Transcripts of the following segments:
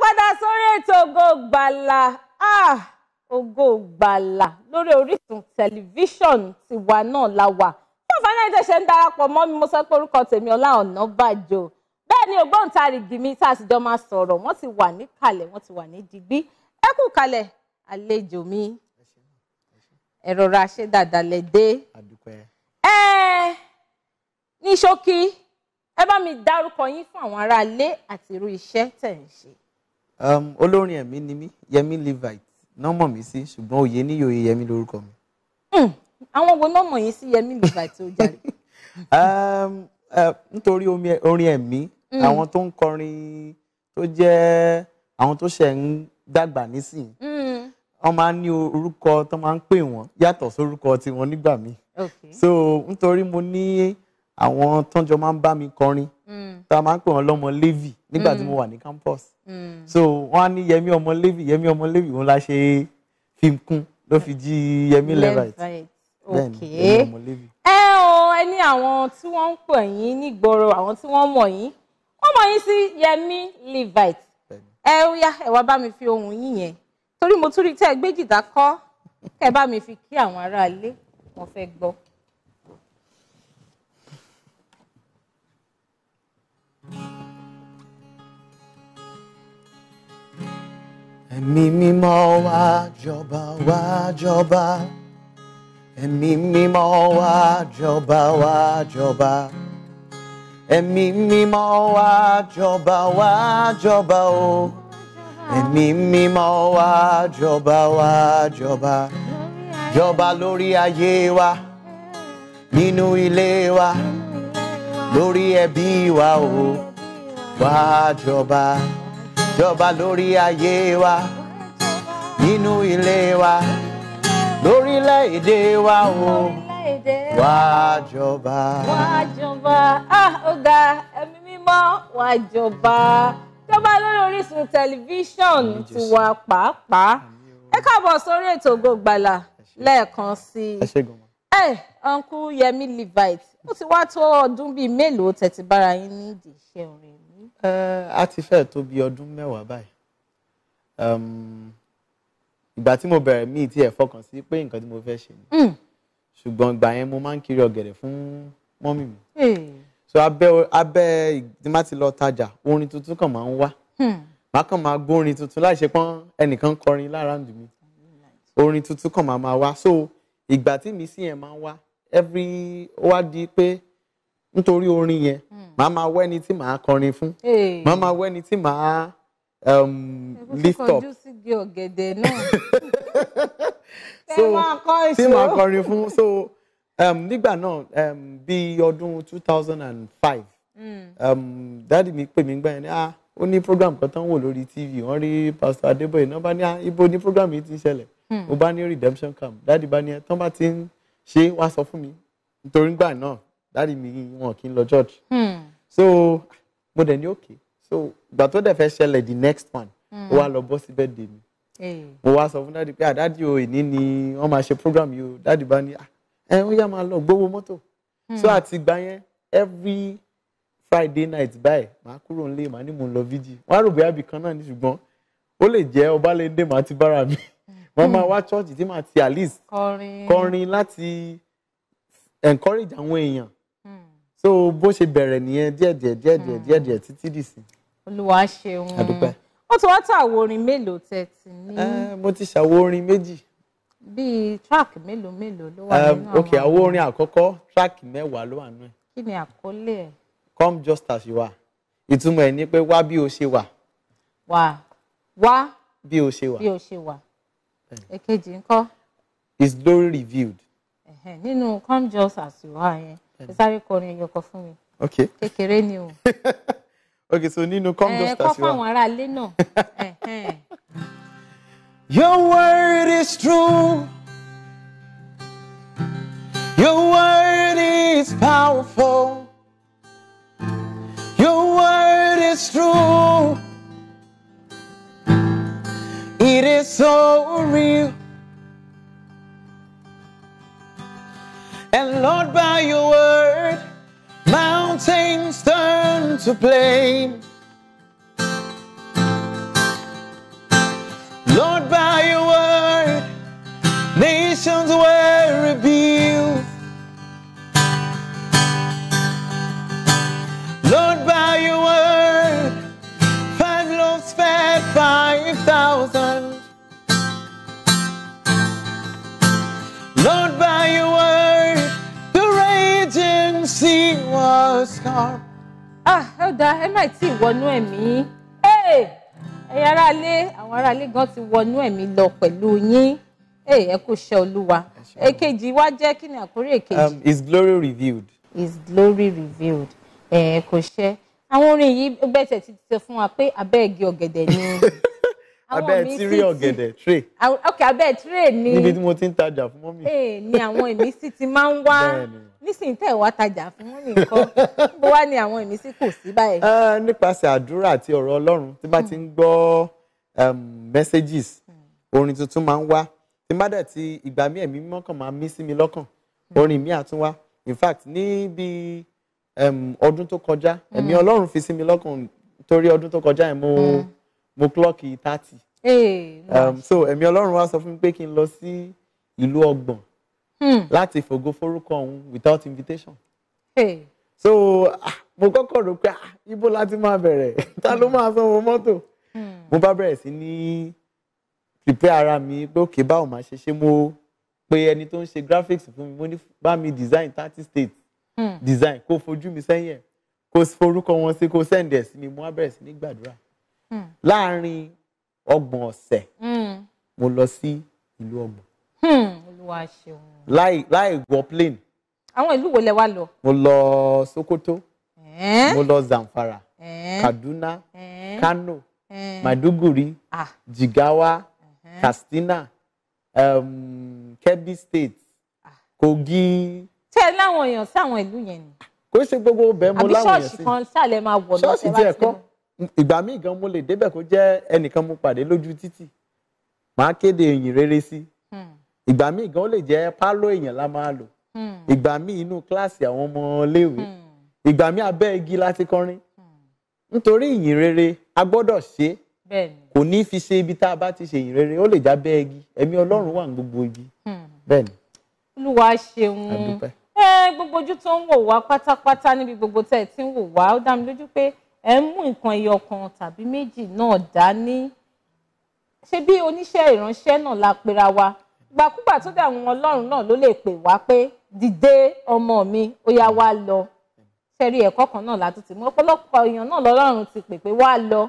padà sórí ètò Ògo Ìgbàlà ah, Ògo Ìgbàlà lórí Orísun tẹlifíṣọ̀n tiwa náà la wà fún àǹfààní ẹ̀jẹ̀ ṣe ń darapọ̀ mọ́ mi mo sọ pé orúkọ tèmi Ọlá Ọ̀nàbàjò bẹ́ẹ̀ ni ògbóǹtarìgì mi tá a sì jọ máa sọ̀rọ̀ wọ́n ti wà níkàlẹ̀ wọ́n ti wà ní digbí ẹ kú kalẹ̀ àlejò mi ẹ rọra ṣe dáadáa lẹ dé ẹ ní ṣókí ẹ bá mi dárúkọ yín fún àwọn aráalé àti irú iṣẹ́ tẹ̀ ń ṣe. Um, olórin ẹ̀mí ni mí Yẹmí Levite nọ́mọ̀ mi sí ṣùgbọ́n òye níyì òye Yẹmí lórúkọ mi. Hmm, àwọn wo nọ́mọ̀ yìí sí Yẹmí Levite ó jàre. Um, uh, nítorí orin ẹ̀mí hmm. àwọn tó ń kọrin tó jẹ́ àwọn tó ṣẹ̀ ń dàgbà nísìnyí hmm. wọ́n máa ń ní orúkọ tó máa ń pè wọ́n yàtọ̀ sórúkọ tiwọn nígbà míì so nítorí mo ní àwọn tọ́jọ́ máa ń bá mi kọrin mm. tá a máa ń pè wọ́n lọ́mọ Levi nígbà tí mm. mo wà ní campus mm. so wọ́n á ní Yẹmí ọmọ Levi Yẹmí ọmọ Levi òun la ṣe fi kún ló fi jí Yẹmí Levite bẹ́ẹ̀ni Yẹmí ọmọ Levi. ẹ o ẹ ní àwọn tí wọ́n ń pè yín nígboro àwọn tí wọ́n mọ̀ yín wọ́n mọ̀ yín sí Yẹmí Levite ẹ ó yá ẹ wá bá mi fi ohùn yín yẹn torí mo tún rí tẹ́ gbé jìtá kọ́ kẹ́ bá mi fi kí àwọn aráalé mo fẹ́ gbọ́. ẹ̀mí mímọ́ wá jọba wá jọba ẹ̀mí mímọ́ wá jọba wá jọba ẹ̀mí mímọ́ wá jọba wá jọba o ẹ̀mí mímọ́ wá jọba wá jọba jọba lórí ayé wa nínú ilé wa lori ebi wa o wá jọba jọba lórí ayé wa nínú ilé wa lórílẹ̀ wa o wá jọba. wá jọba ah ọ̀gá ẹ̀mí mímọ́ wá jọba jọba lórí Orísun tẹlifíṣàn tiwa pàápàá ẹ káàbọ̀ sórí ètò Ògo Ìgbàlà lẹ́ẹ̀kan sí i ẹ eh, uncle Yemi Levite ó ti wá tó ọdún bíi mélòó tẹ̀tí bára yín ní ìdí iṣẹ́ orin á eh, ti fẹ́ tó bí ọdún mẹ́wàá báyìí ìgbà tí mo bẹ̀rẹ̀ míì tí ẹ̀ fọkàn sí pé nǹkan tí mo fẹ́ ṣe ni hmm. ṣùgbọ́n ìgbà yẹn mo máa ń kiri ọ̀gẹ̀dẹ̀ fún mọ́mì mi so abẹ́ abẹ́ ìdímá ti lọ tajà orin tuntun kan máa ń wá hmm. màá kàn máa gbórin tuntun láì ṣe pọ́n ẹnìkan kọrin lára ǹdù mi orin tuntun kan máa máa wá so ìgbà tí mi sí yẹn máa ń wá every ó wá di pé nítorí orin yẹn hmm. màá máa wẹ́ni tí màá kọrin fún màá máa wẹ́ni tí màá um, lift up. ẹ̀kọ́ so tí màá kọrin fún so um, nígbà náà um, bí ọdún two thousand and five hmm. dáàdi mi pè mí gbà yẹn ah ó ní program kan tán wò lórí tv wọ́n rí pastor adébóyè náà bá ní ah, ibo ní program yìí ti ń ṣẹlẹ̀ hmm. mo bá ní redemption camp dáàdi bá ní ẹ tán bá ti ń ṣe wá sọ fún mi nítorí gbà náà dáàdi mi wọn kì í lọ church. Hmm. so mo dẹ̀ ní òkè so ìgbà tó dẹ̀ fẹ́ ṣẹlẹ̀ the next one ó hmm. wá lọ bọ́ sí birthday mi eh. mo wá sọ fún dáàdi pé àdáàdi ah, o ìní ni wọ́n máa ṣe program yìí o dáàdi bá ní ah, ẹ ó yá máa lọ gbowó mọ́tò hmm. so àti ìgbà yẹn every friday night báyìí màá kúrò nílé màá ní mò ń lọ fiji wọn á rò bóyá ibìkan náà ní ṣùgbọ́n ó lè jẹ́ ọbalẹ̀ndé màá ti bára mi wọ́n máa wá church tí màá ti at least kọrin láti encourage àwọn èèyàn so bó ṣe bẹ̀rẹ̀ nìyẹn díẹ̀díẹ̀ díẹ̀díẹ̀ díẹ̀díẹ̀ títí dìsí. olúwa ṣeun àdúpẹ́. wọ́n ti wá tà wo orin mélòó tẹ̀ ti ní. mo ti ṣàwo orin méjì. bíi track mélòó mélòó ló wà nínú àwọn. ok àwo àkọ́kọ́ track mẹ́wàá ló wà nínú ẹ̀. kí ni àkọlé ẹ̀. come just as you are ìtumọ̀ ẹ̀ ni pé wá bí o ṣe wà. wà wá bí o ṣe wà. bí o ṣe wà. èkejì ńkọ́. is glory revealed. nínú come just as you are yẹn ok ok so come just as you are. Your word is true. Your word is powerful. Your word is true. It is so real. And Lord, by your to blame. Lord, by your word, nations were revealed. Lord, by your word, five loaves fed five thousand. Lord, by your word, the raging sea was calm. ẹ dá ẹ má tí ì wọnú ẹ̀mí ẹ̀yin aráalé àwọn aráalé gan ti wọnú ẹ̀mí lọ pẹ̀lú yín ẹ kò ṣe olúwa èkejì wa jẹ́ kí ni àkórí èkejì. Um, is glory revealed. is glory revealed ẹ kò ṣe àwọn orin yìí bẹ́ẹ̀ tẹ̀ ti tẹ fún wa pé abẹ́ẹ̀gì ọ̀gẹ̀dẹ̀ ni. abẹ́ tírí ọ̀gẹ̀dẹ̀ tray. ok abẹ́ tray ni níbi tí mo ti ń tajà fún mọ́mì. ee ni àwọn ìmísí ti máa ń wá nísìnyí tẹ̀ wá tajà fún mọ́mì nǹkan bó wá ni àwọn ìmísí kò sí báyìí. Ah, nípasẹ̀ àdúrà àti ọ̀rọ̀ Ọlọ́run tí bá ti ń gbọ́ ehm, messages hmm. orin tuntun máa ń wá tí má dẹ̀ ti ìgbà mí ẹ̀mí mọ́kàn máa mí sí mi lọ́kàn hmm. orin mi àtún wá in fact níbi ehm, ọdún tó kọjá ẹ̀mí hmm. Ọlọ́run fi sí mi lọ́kàn torí ọdún tó kọjá yẹn mo mo klọ́ọ̀kì thirty. Um, so ẹ̀mí ọlọ́run wá sọ fún mi pé kí n lọ sí ìlú ọgbọ̀n hmm. láti fògo forúkọ òun without invitation. so ah, mo kọ́kọ́ rò pé ah, ibo láti máa bẹ̀rẹ̀ ta ló máa sanwó mọ́tò hmm. mo bá bẹ̀rẹ̀ sí ní prepare ara mi pé òkè báwo máa ṣe ṣe mo pe ẹni tó ń ṣe graphics fún mi mo ní bá mi design thirty states hmm. design kó fojú mi sẹ́yìn ẹ̀ kó forúkọ wọn sí kó send ẹ̀ sí mi mo á bẹ̀rẹ̀ sí ní gbàdúrà Hmm. láàárín ọgbọ̀n ọ̀sẹ̀ hmm. mo lọ sí ìlú ọgbọ̀n. Hmm, olúwa ṣeun. láì láì plane. àwọn ìlú wo lẹ wá lọ. mo lọ Sokoto mo lọ Zamfara Kaduna Kano Maiduguri Jigawa uh Kebbi State Kogi. tẹ́ ẹ láwọn èèyàn sáwọn ìlú yẹn ni. kò ṣe gbogbo bẹ́ẹ̀ mo láwọn èèyàn sí. àbí ṣọ́ọ̀ṣì kan ṣáà lè máa wọ̀ lọ́sẹ̀ bá ti lọ. ṣọ́ọ̀ṣì ìgbà míì gan mo lè débẹ̀ kó jẹ́ ẹnìkan mo pàdé lójú títì màá kéde ìyìn rere sí hmm. ìgbà míì gan ó lè jẹ́ pálọ̀ èèyàn la máa lò hmm. ìgbà míì inú kíláàsì àwọn ọmọ iléèwé hmm. ìgbà míì abẹ́ igi láti kọrin nítorí ìyìn rere a gbọ́dọ̀ ṣe kò ní fi ṣe ibi tá a bá ti ṣe ìyìn rere ó lè já bẹ́ igi ẹ̀mí Ọlọ́run wà ní gbogbo ibi bẹ́ẹ̀ ni. Olúwa ṣeun eh, gbogbo ojú tó ń wò wá pátápátá níbi gbogbo tẹ́ ẹ ti ń wò wá ó dá mi lójú pé ẹ mú nǹkan ẹyọ kan tàbí méjì náà dání ṣe bí oníṣẹ́ ìránṣẹ́ náà la pera wa gbàkúgbà tó dà wọn ọlọ́run náà ló lè pè wá pé dìde ọmọ mi ó yá wá lọ ṣẹ́rí ẹ̀kọ́ kan náà látún ti mú ọ̀pọ̀lọpọ̀ èèyàn náà lọ́lọ́run ti pè pé wá lọ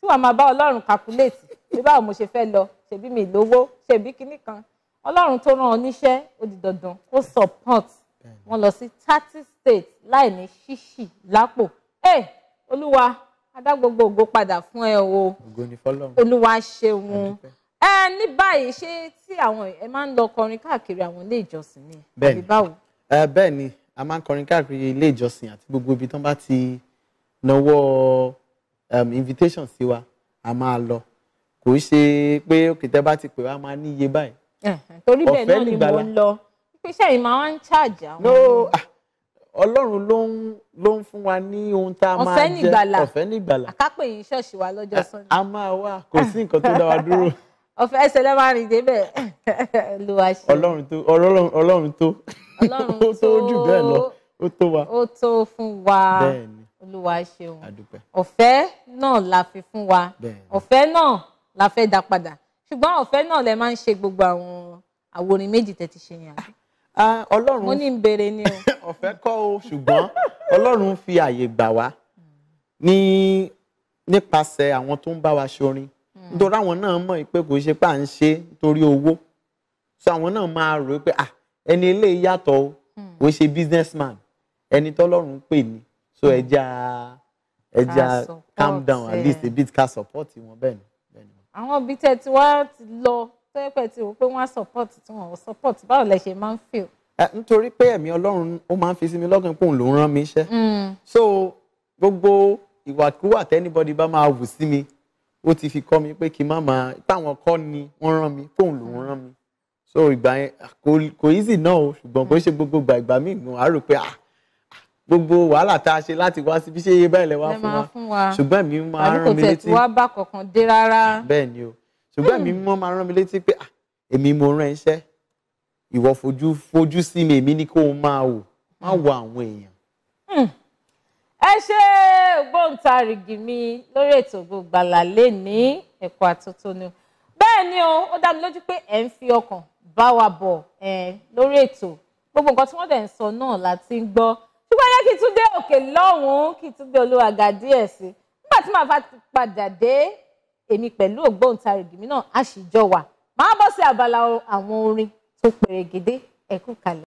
tí wàá máa bá ọlọ́run kakuléètì pé báwo mo ṣe fẹ́ lọ ṣèbí mi lówó ṣèbí kinní kan ọlọ́run tó rán ọ níṣẹ́ ó support wọn lọ sí thirty states láì ní ṣíṣì lápò. Hey, olúwa adá gbogbo ògo padà fún ẹ o olúwa ṣeun ẹ ní báyìí ṣé tí àwọn ẹ máa ń lọ kọrin káàkiri àwọn ilé ìjọsìn ni àbí báwo. bẹ́ẹ̀ ni a máa ń kọrin káàkiri ilé ìjọsìn àti gbogbo ibi tán bá ti nawọ́ invitation sí wa a máa lọ kò í ṣe pé òkè tẹ́ bá ti pè wá máa ní iye báyìí. torí bẹ́ẹ̀ náà ni mo ń lọ pé sẹ́yìn máa ń ṣáàjì ọlọ́run ló ń ló ń fún wa ní ohun tá a máa jẹ ọ̀fẹ́ nígbàlà àkápè yìí ṣọ́ọ̀ṣì wa lọ́jọ́ sunday. a máa wá kò sí nǹkan tó dá wa dúró. ọ̀fẹ́ ẹsẹ̀ lẹ́ máa rìn débẹ̀ ló wá ṣe. ọlọ́run tó ọlọ́run tó ó tó jù bẹ́ẹ̀ lọ ó tó wa. ó tó fún wa olúwa ṣeun ọ̀fẹ́ náà la fi fún wa ọ̀fẹ́ náà la fẹ́ dá padà ṣùgbọ́n ọ̀fẹ́ náà lẹ máa ń ṣe gbogbo àwọn àwòrán méjì tẹ́ ti ṣe yẹn àbí. Ah, ọlọ́run mo ní ń bèrè ni o ọ̀fẹ́ kọ́ o ṣùgbọ́n ọlọ́run fi àyè gbà wá ní nípasẹ̀ àwọn tó ń bá wa ṣorin hmm. nítorí àwọn náà mọ̀ pé kò ṣe pé à ń ṣe torí owó so àwọn náà máa rò pé ah ẹni eléyìí yàtọ̀ o hmm. kò ṣe businessman ẹni tọ́lọ́run pè ní so ẹja ẹja calm down at least a bit ká support wọn bẹ́ẹ̀ ni. àwọn bíi tẹ́ ti wá lọ tó yẹ pé ti wò pé wọ́n á support tí wọ́n ò support báwo lẹ ṣe máa ń feel. nítorí pé ẹ̀mí Ọlọ́run ó máa ń fi sí mi lọ́gàn pòun ló ń rán mi iṣẹ́ hmm. so gbogbo ìwàkúwà tẹ́nibọ́dì bá máa wù sí mi ó ti fi kọ́ mi pé kí n má máa táwọn kọ́ ni wọ́n rán mi pòun ló ń rán mi so ìgbà yẹn kò easy náà o ṣùgbọ́n kò ṣe gbogbo ìgbà ìgbà míì nù á rò pé ah gbogbo wàhálà tá a ṣe láti wá síbi ṣé iye báyìí lẹ wá fún wa ṣùgbọ́n mi máa ń rán mi létí àbí kò bá kankan dé rárá bẹ́ẹ̀ ni o ṣùgbọ́n èmi hmm. mọ́ máa rán mi létí pé ah, èmi mo rán iṣẹ́ ìwọ fojú fojú sí mi èmi ni kó o máa wò má hmm. wo àwọn èèyàn. Hmm. ẹ ṣe ògbóǹtarìgì mi lórí ètò Ògo Ìgbàlà lẹ́ni ẹ̀kọ́ àtótónu bẹ́ẹ̀ ni o ó dá mi lójú pé ẹ̀ ń fi ọkàn bá wa bọ̀ lórí ètò gbogbo nǹkan tí wọ́n dẹ̀ ń sọ náà la ti ń gbọ́ ṣùgbọ́n yẹ kí n tún dé òkè lọ́hùn-ún kí n tún gbé olúwa ga díẹ̀ sí nígbà tí màá padà dé èmi pẹ̀lú ògbóǹtarìgì mi náà a sì jọ wà máa bọ́ sí abala àwọn orin tó pèrègédé ẹ kú kalẹ̀.